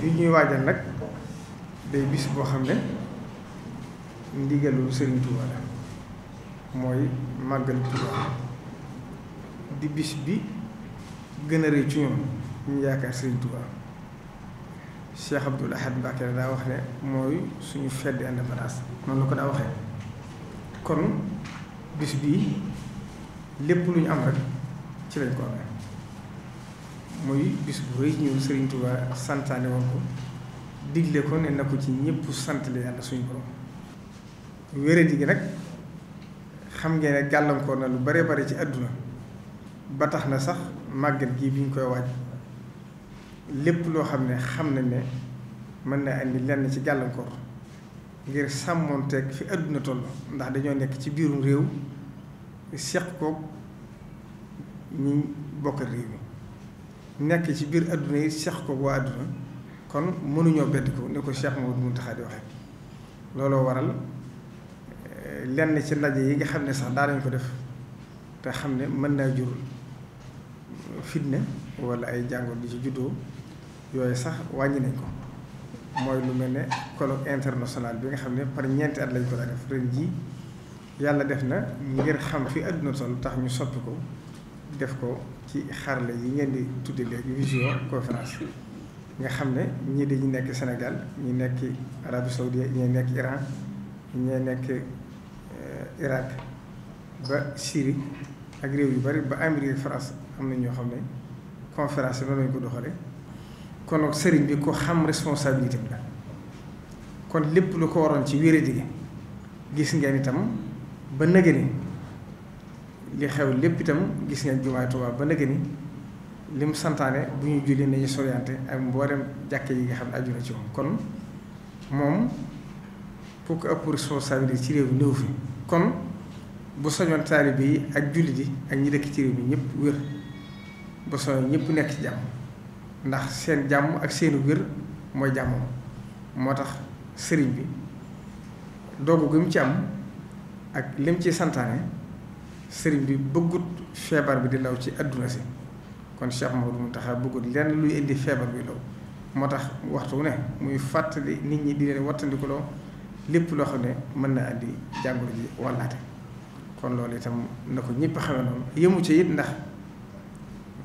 bi ñuy waajal nag day bis boo xam ne ndigalul Serigne Touba la mooy màggal Touba di bis bi gën a rëy ci ñoom ñu yaakaar Serigne Touba Cheikh Abdoul Ahad Mbacké daa wax ne mooy suñu fête d'indépendance noonu la ko daa waxee kon bis bii lépp lu ñu am rek ci lañ ko amee muy bis bu rëy ñëw Serigne Touba santaane woon ko digle ko ne na ko ci ñépp sant leen yàlla suñu borom wéradi gi nag xam ngeen ne gàllankoor na lu bare bare ci àdduna ba tax na sax màggal gi bi ñu koy waaj lépp loo xam ne xam na ne mën na indi lenn ci gàllankoor ngir sàmmoonteeg fi àdduna toll ndax dañoo nekk ci biirum réew seq ko ñi bokk réew mi nekk ci biir adduna yi seq ko waa àdduna kon mënuñoo bedd ko ni ko Cheikh Mamadou Mountakha di waxee looloo waral eh, lenn ci ndaje yi nga xam ne sax daalañu ko def te xam ne mën naa jur fitna wala ay jàngoor di ci juddoo yooyu sax wàññi nañ ko mooy lu mel ne colloque international bi nga xam ne par ñeenti at lañ ko daa def ren jii yàlla def na ngir xam fi àdduna toll tax ñu soppi ko def ko ci xarala yi ngeen di tudde léegi visio conférence nga xam ne ñii dañu nekk Sénégal ñi nekk Arabie Saoudite ñi nekk Iran ñi nekk euh, Irak ba Syrie ak réew yu bari ba Amérique France am na ñoo xam ne conférence noonu lañu ko doxale kon nag sëriñ bi ko xam responsabilité bi la kon lépp lu ko waroon ci wér-a-jege gis ngeen itam ba nëgëni li xew lépp itam gis ngeen jumaay Tuubaa ba nëgë ni li santaane bu ñu julli nañu soriante ak mboolem jàkke yi nga xam ne aju ci moom kon moom pour que ëpp responsabilité ci réew mi kon bu soñoon taalibe yi ak jullit ak ñi dëkk ci réew ñëpp wér bu soñoon nekk ci jàmm ndax seen jàmm ak seenu wér mooy jàmmam moo tax sëriñ bi doogu gi mu ci am ak lim ci santaane sëriñ bi bëggut feebar bi di law ci àdduna si kon Cheikh Maodo Mountakha bëggut lenn luy indi feebar bi law moo tax waxtu wu ne muy fàttali nit ñi di leen wattandikuloo lépp loo xam ne mën na andi jàngoro ji wàllaate kon loolu itam na ko ñëpp xamee noonu yëmu ci it ndax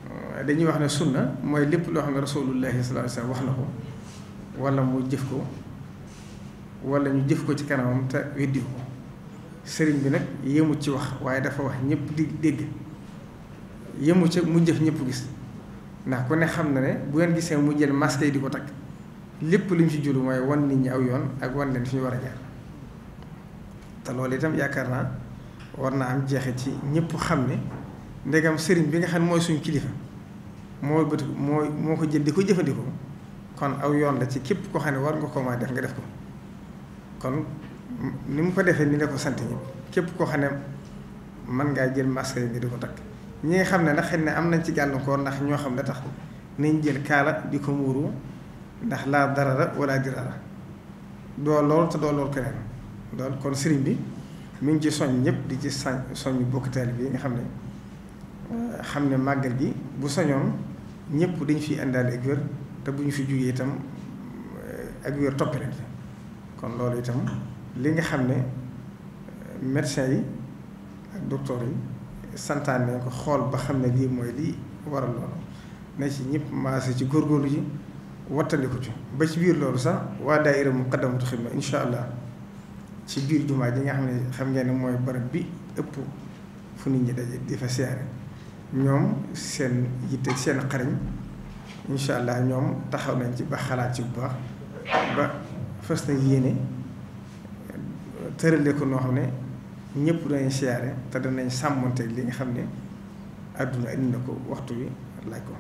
euh, dañuy wax ne sunna mooy lépp loo xam ne rasulullahi sallallahu alayhi wasallam wax na ko walla moo jëf ko wala ñu jëf ko ci kanamam te weddi ko sëriñ bi nag yëmu ci wax waaye dafa wax ñëpp di dégg yëmu ci mu jëf ñëpp gis ndax ku ne xam na ne bu ngeen gisee mu jël masque yi di ko takk lépp li mu ci julu mooy wan nit ñi aw yoon ak wan leen fi ñu war a jaar te loolu itam yaakaar naa war naa am jeexe ci ñëpp xam ne ndegam sëriñ bi nga xam ne mooy suñ kilifa mooy bët mooy moo ko jël di ko jëfandikoo kon aw yoon la ci képp koo xam ne war nga ko ma def nga def ko kon ni mu ko defee ni nga ko sant ñi képp koo xam ne mën ngaa jël masque yi nga di ko takk ñi nga xam ne ndax xëy na am nañ ci gàllankoor ndax ñoo xam ne tax nañ jël kaala di ko muuru ndax laa dara darara wala dirara doo lool te doo lool keneen kon sëriñ bi mi ngi ci ñëpp di ci sañ soñ bokkitaal bi nga xam ne euh, xam ne màggal gi bu soñoon ñëpp dañ fi indaale ak te bu ñu fi jugee itam euh, ak wér toppalante kon loolu itam. li nga xam ne euh, médecin yi ak docteur yi santaan nañ ko xool ba xam ne lii mooy lii waral loolu na ci ñëpp maase ci góorgóorlu ji wattandiku ci ba ci biir loolu sax waa mu Muqaddamatul Xidma incha allah ci biir jumaa ji nga xam ne xam ngeen ne mooy barab bi ëpp fu nit ñi daje di fa siyaare ñoom seen yitte seen xariñ incha allah ñoom taxaw nañ ci ba xalaat ci bu baax ba fas yéene tëralee ko noo xam ne ñëpp dañuy siyaare te danañ sàmmonte li nga xam ne àdduna indi na ko waxtu wi laaj ko